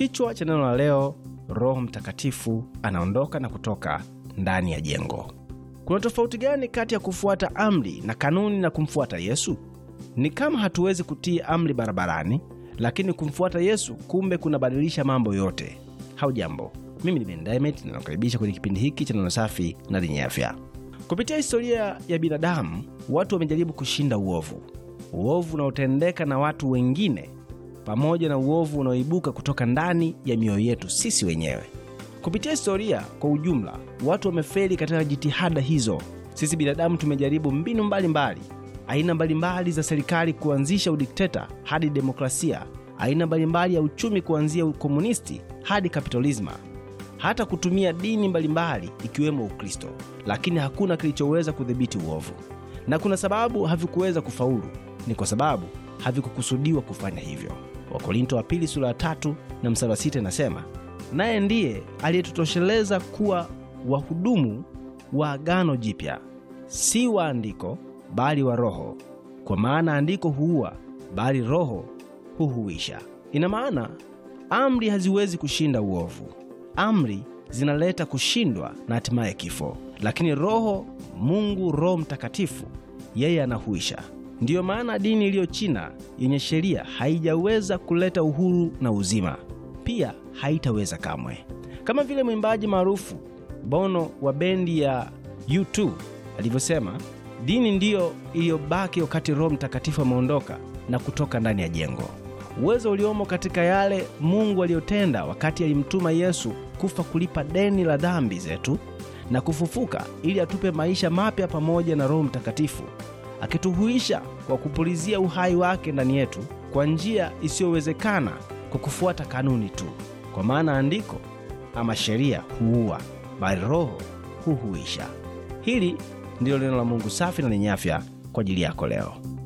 Kichwa cha neno la leo, Roho Mtakatifu anaondoka na kutoka ndani ya jengo. Kuna tofauti gani kati ya kufuata amri na kanuni na kumfuata Yesu? Ni kama hatuwezi kutii amri barabarani, lakini kumfuata Yesu kumbe kunabadilisha mambo yote. hau jambo mimi ni bendamet nanakaribisha kwenye kipindi hiki cha neno safi na lenye afya. Kupitia historia ya binadamu, watu wamejaribu kushinda uovu. Uovu unaotendeka na watu wengine pamoja na uovu unaoibuka kutoka ndani ya mioyo yetu sisi wenyewe. Kupitia historia kwa ujumla, watu wamefeli katika jitihada hizo. Sisi binadamu tumejaribu mbinu mbalimbali mbali, aina mbalimbali mbali za serikali kuanzisha udikteta hadi demokrasia, aina mbalimbali mbali ya uchumi kuanzia ukomunisti hadi kapitalizma, hata kutumia dini mbalimbali mbali, ikiwemo Ukristo, lakini hakuna kilichoweza kudhibiti uovu. Na kuna sababu havikuweza kufaulu, ni kwa sababu havikukusudiwa kufanya hivyo. Wakorinto wa pili sura ya tatu na mstari wa sita inasema, naye ndiye aliyetutosheleza kuwa wahudumu wa agano jipya, si wa andiko, bali wa Roho, kwa maana andiko huua, bali Roho huhuisha. Ina maana amri haziwezi kushinda uovu. Amri zinaleta kushindwa na hatimaye kifo, lakini Roho Mungu, Roho Mtakatifu, yeye anahuisha. Ndiyo maana dini iliyo China yenye sheria haijaweza kuleta uhuru na uzima, pia haitaweza kamwe. Kama vile mwimbaji maarufu Bono wa bendi ya U2 alivyosema, dini ndiyo iliyobaki wakati Roho Mtakatifu ameondoka na kutoka ndani ya jengo. Uwezo uliomo katika yale Mungu aliyotenda wakati alimtuma Yesu kufa kulipa deni la dhambi zetu na kufufuka ili atupe maisha mapya pamoja na Roho Mtakatifu akituhuisha kwa kupulizia uhai wake ndani yetu kwa njia isiyowezekana kwa kufuata kanuni tu, kwa maana andiko ama sheria huua, bali Roho huhuisha. Hili ndilo neno la Mungu safi na lenye afya kwa ajili yako leo.